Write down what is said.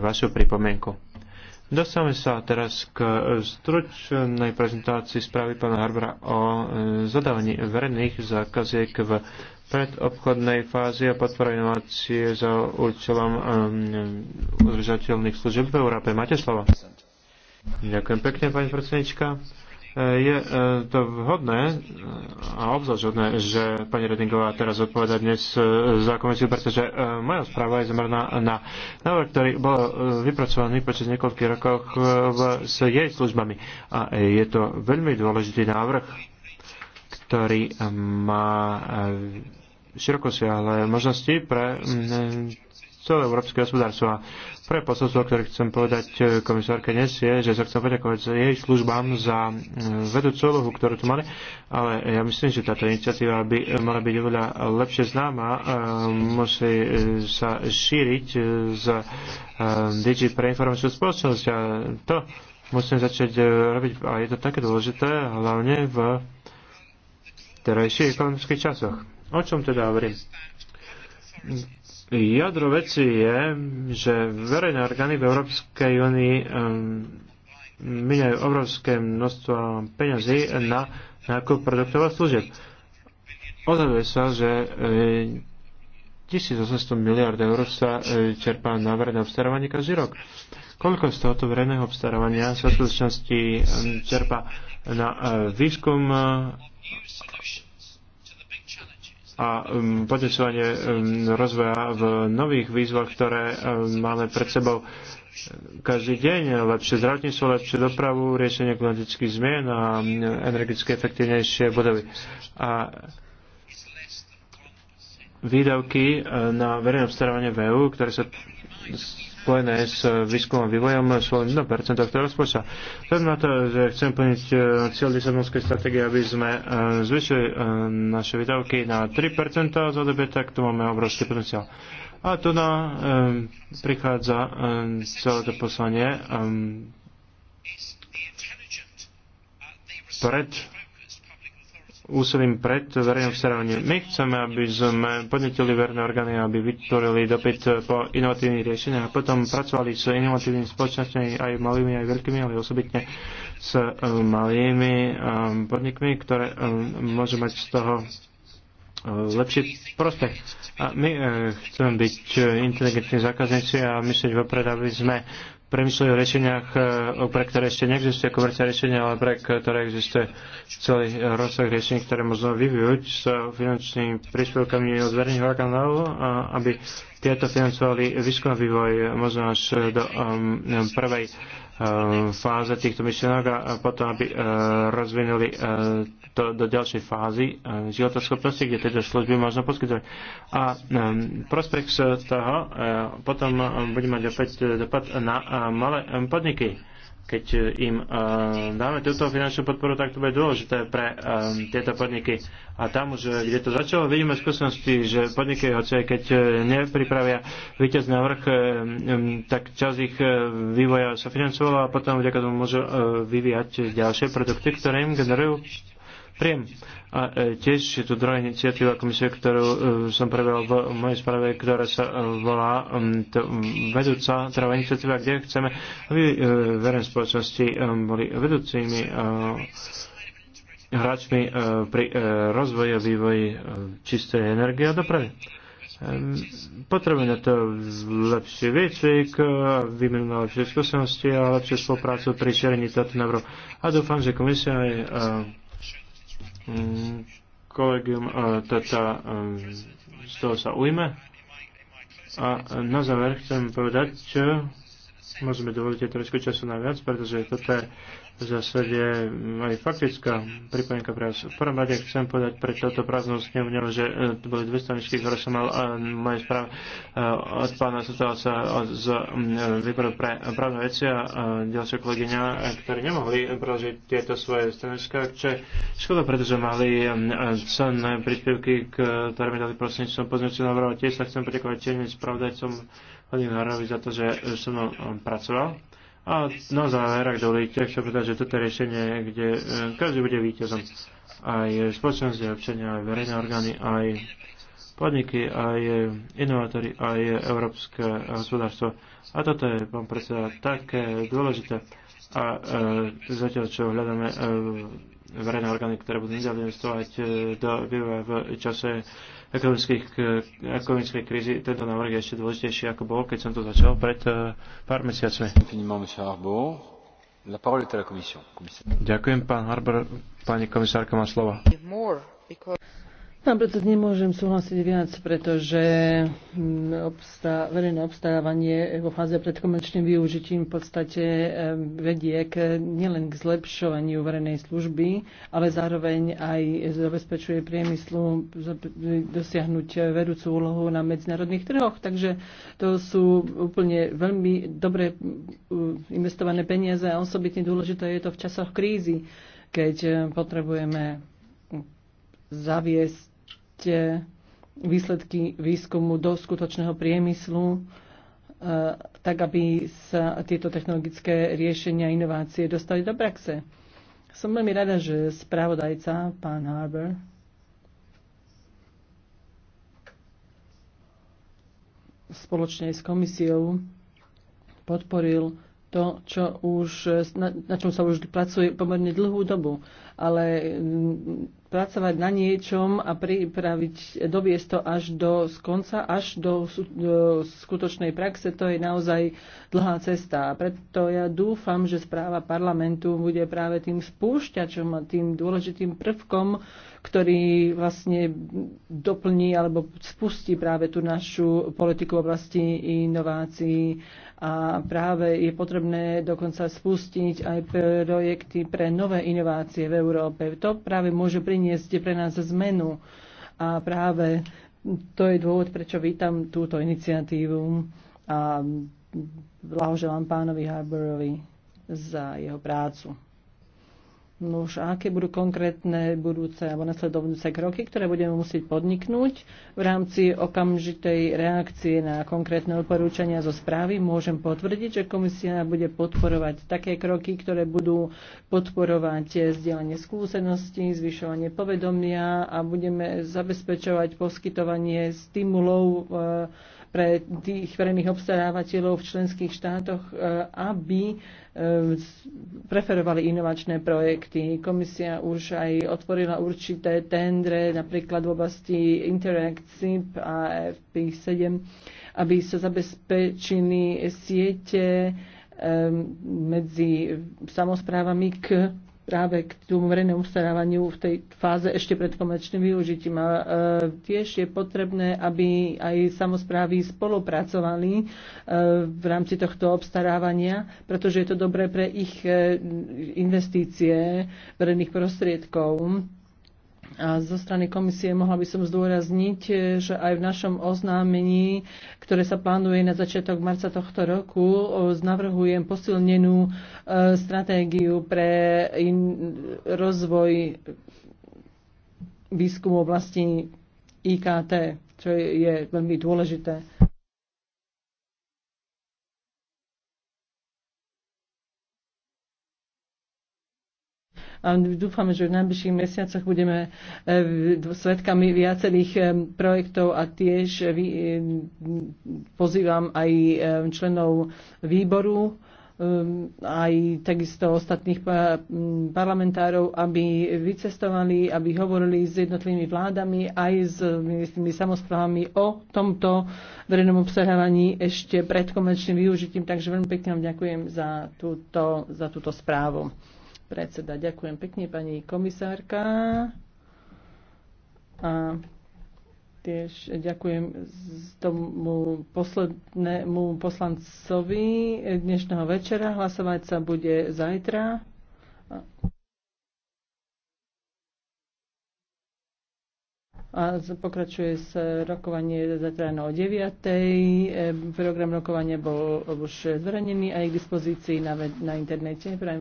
vašu pripomienku. Dostávame sa teraz k e, stručnej prezentácii správy pána Harbra o e, zadávaní verejných zákaziek v predobchodnej fázi a podpore inovácie za účelom e, udržateľných služieb v Európe. Máte slovo. Ďakujem pekne, pani predsednička. E, je e, to vhodné e, a obzvlášť vhodné, že pani Redingová teraz odpoveda dnes za komisiu, pretože moja správa je zameraná na návrh, ktorý bol vypracovaný počas niekoľkých rokov s jej službami. A je to veľmi dôležitý návrh, ktorý má širokosiahle možnosti pre celé európske hospodárstvo. A pre posolstvo, ktoré chcem povedať e, komisárke dnes je, že sa chcem poďakovať za jej službám za e, vedúcu úlohu, ktorú tu mali, ale ja myslím, že táto iniciatíva by mala byť oveľa lepšie známa, e, musí sa šíriť z Digi pre informačnú spoločnosť a to musím začať robiť a je to také dôležité, hlavne v terajších ekonomických časoch. O čom teda hovorím? Jadro veci je, že verejné orgány v Európskej únii minajú ehm, obrovské množstvo peňazí na nákup produktov a služieb. Odhaduje sa, že 1800 e, miliard eur sa e, čerpá na verejné obstarávanie každý rok. Koľko z tohoto verejného obstarávania sa v skutočnosti ehm, čerpa na e, výskum a um, potešovanie um, rozvoja v nových výzvach, ktoré um, máme pred sebou každý deň. Lepšie zdravotníctvo, lepšie dopravu, riešenie klimatických zmien a energetické efektívnejšie budovy. A výdavky e, na verejné obstarávanie v EU, ktoré sa spojené s výskumom a vývojom sú len 1% tohto rozpočta. Vzhľadom na to, že chcem plniť e, cieľ Lisabonskej stratégie, aby sme e, zvyšili naše výdavky na 3% z ODB, tak tu máme obrovský potenciál. A tu na, um, prichádza um, celé to poslanie um, pred úsilím pred verejným obstarávaním. My chceme, aby sme podnetili verejné orgány, aby vytvorili dopyt po inovatívnych riešeniach a potom pracovali s inovatívnymi spoločnosťami, aj malými, aj veľkými, ale osobitne s eh, malými eh, podnikmi, ktoré eh, môžu mať z toho lepší prospech. A my chceme byť inteligentní zákazníci a myslieť vopred, aby sme premysleli o riešeniach, e, pre ktoré ešte neexistuje komerčné riešenie, ale pre ktoré existuje celý rozsah riešení, ktoré možno vyvíjať s finančnými príspevkami od verejných orgánov, aby tieto financovali výskum vývoj možno až do um, prvej uh, fáze týchto myšlienok a potom, aby uh, rozvinuli uh, to do ďalšej fázy životoschopnosti, kde tieto služby možno poskytovať. A um, prospekt z toho potom um, bude mať opäť dopad na malé um, podniky keď e, im e, dáme túto finančnú podporu, tak to bude dôležité pre e, tieto podniky. A tam už, kde to začalo, vidíme skúsenosti, že podniky, hoci aj keď nepripravia víťaz um, tak čas ich vývoja sa financovala a potom vďaka tomu môžu vyvíjať ďalšie produkty, ktoré im generujú príjem. A e, tiež je tu druhá iniciatíva komisie, ktorú e, som prebral v mojej správe, ktorá sa e, volá vedúca, teda iniciatíva, kde chceme, aby verejné spoločnosti boli vedúcimi hráčmi pri rozvoji a vývoji čistej energie a dopravy. Potrebujeme to lepší výcvik, výmenu na lepšie skúsenosti a lepšie spoluprácu pri šerení tohto návrhu. A dúfam, že komisia aj Mm, kolegium e, tata e, z toho sa ujme. A na záver chcem povedať, čo môžeme dovoliť trošku času na viac, pretože toto je v zásade aj faktická pripomienka pre vás. V prvom rade chcem povedať pre toto prázdnu snemovňu, že e, to boli dve stanečky, ktoré som mal e, moje mojej od pána sa z výboru pre právne veci a e, ďalšie kolegyňa, ktorí nemohli preložiť tieto svoje stranička, čo je škoda, pretože mali cenné príspevky, ktoré mi dali som pozornosti na Tiež sa chcem poďakovať tiež spravodajcom pani Nárovi za to, že som um, pracoval. A na záver, ak dovolíte, chcem povedať, že toto je riešenie, kde um, každý bude víťazom. Aj spoločnosti občania, aj verejné orgány, aj podniky, aj inovátory, aj európske hospodárstvo. A toto je, pán predseda, také dôležité. A e, zatiaľ, čo hľadáme e, verejné orgány, ktoré budú investovať e, do vývoja v čase ekonomickej krízy. Tento návrh je ešte dôležitejší, ako bol, keď som to začal pred e, pár mesiacmi. Ďakujem, pán Harbour. Pani komisárka má slovo tam preto nemôžem súhlasiť viac, pretože hm, obstá, verejné obstávanie vo fáze pred komerčným využitím v podstate ehm, vedie k, nielen k zlepšovaniu verejnej služby, ale zároveň aj zabezpečuje priemyslu dosiahnuť vedúcu úlohu na medzinárodných trhoch. Takže to sú úplne veľmi dobre hm, investované peniaze a osobitne dôležité je to v časoch krízy, keď eh, potrebujeme hm, zaviesť výsledky výskumu do skutočného priemyslu, e, tak aby sa tieto technologické riešenia a inovácie dostali do praxe. Som veľmi rada, že správodajca, pán Harber, spoločne s komisiou podporil to, čo už, na, na čom sa už pracuje pomerne dlhú dobu. Ale pracovať na niečom a pripraviť, doviesť to až do konca, až do, do e, skutočnej praxe, to je naozaj dlhá cesta. A preto ja dúfam, že správa parlamentu bude práve tým spúšťačom a tým dôležitým prvkom, ktorý vlastne doplní alebo spustí práve tú našu politiku v oblasti inovácií. A práve je potrebné dokonca spustiť aj projekty pre nové inovácie v Európe. To práve môže priniesť priniesť pre nás zmenu. A práve to je dôvod, prečo vítam túto iniciatívu a blahoželám pánovi Harborovi za jeho prácu. No už aké budú konkrétne budúce alebo nasledovnúce kroky, ktoré budeme musieť podniknúť v rámci okamžitej reakcie na konkrétne odporúčania zo správy, môžem potvrdiť, že komisia bude podporovať také kroky, ktoré budú podporovať zdieľanie skúseností, zvyšovanie povedomia a budeme zabezpečovať poskytovanie stimulov e, pre tých verejných obstarávateľov v členských štátoch, e, aby e, preferovali inovačné projekty. Komisia už aj otvorila určité tendre, napríklad v oblasti Interact SIP a FP7, aby sa zabezpečili siete e, medzi samozprávami k práve k tomu verejnému starávaniu v tej fáze ešte pred komerčným využitím. A e, tiež je potrebné, aby aj samozprávy spolupracovali e, v rámci tohto obstarávania, pretože je to dobré pre ich e, investície verejných prostriedkov a zo strany komisie mohla by som zdôrazniť, e, že aj v našom oznámení, ktoré sa plánuje na začiatok marca tohto roku, navrhujem posilnenú e, stratégiu pre rozvoj výskumu oblasti IKT, čo je veľmi dôležité. a dúfame, že v najbližších mesiacoch budeme e, svetkami viacerých e, projektov a tiež e, pozývam aj členov výboru aj takisto ostatných parlamentárov, aby vycestovali, aby hovorili s jednotlivými vládami aj s ministrými samozprávami o tomto verejnom obsahovaní ešte pred komerčným využitím. Takže veľmi pekne vám ďakujem za túto, za túto správu predseda. Ďakujem pekne, pani komisárka. A tiež ďakujem tomu poslednému poslancovi dnešného večera. Hlasovať sa bude zajtra. A pokračuje sa rokovanie zajtra o 9. Program rokovania bol už zverejnený a je k dispozícii na, na internete.